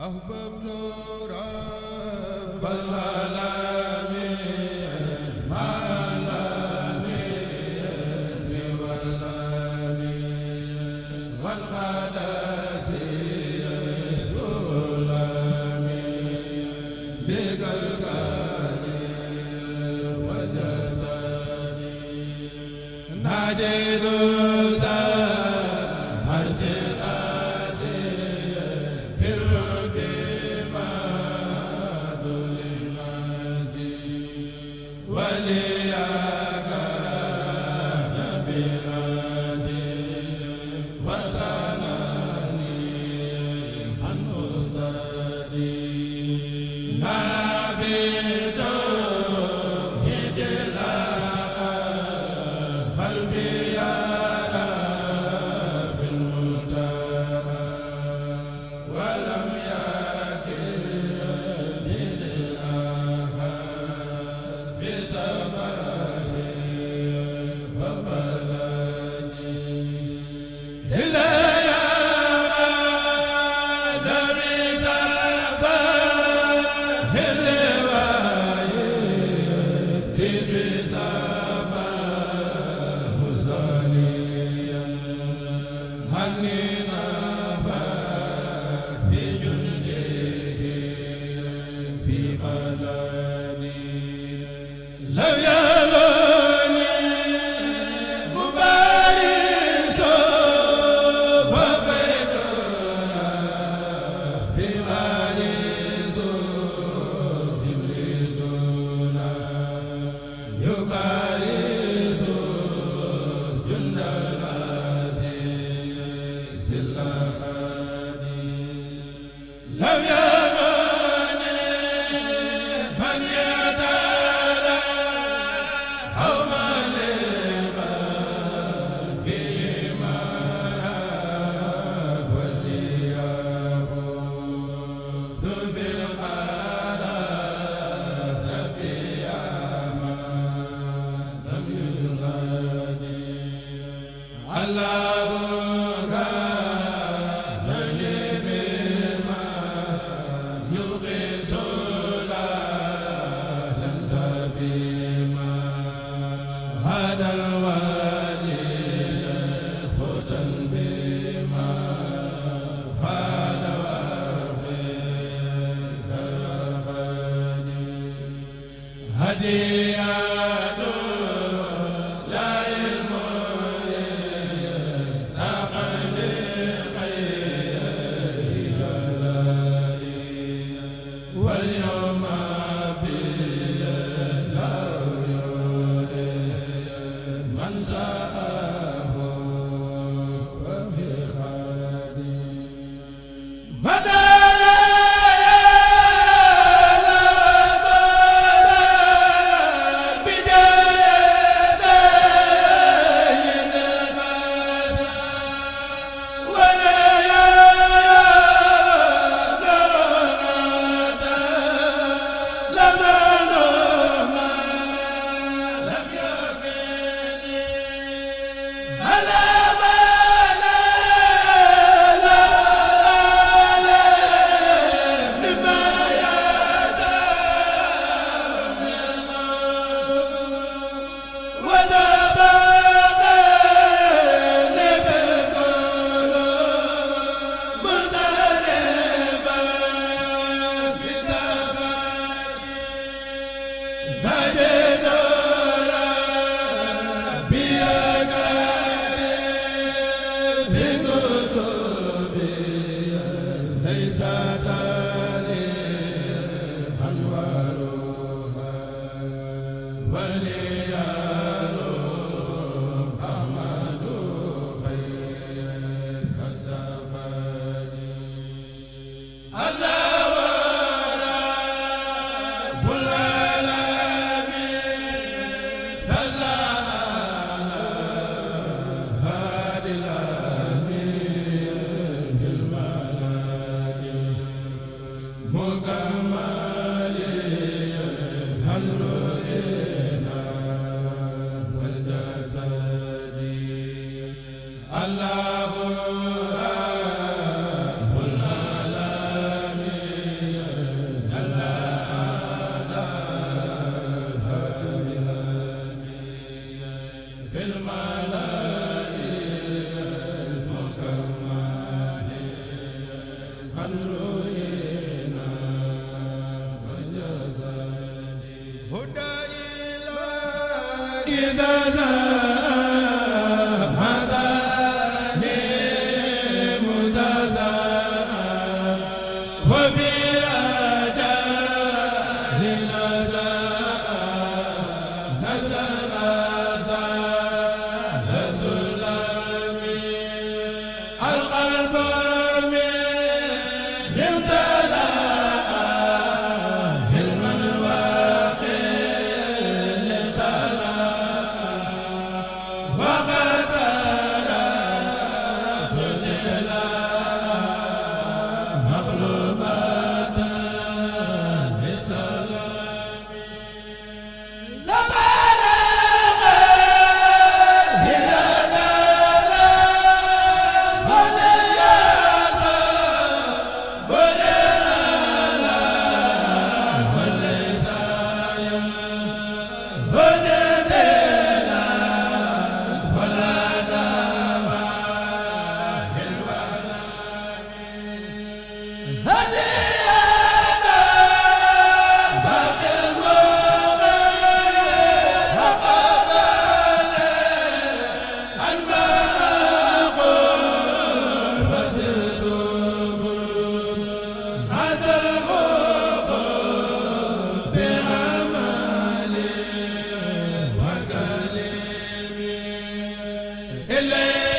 أحببت رب العالمين di ilay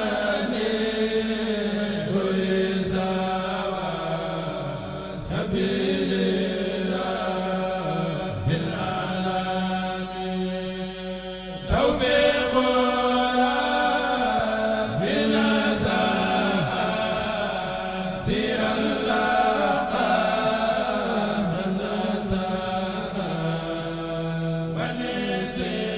Amen.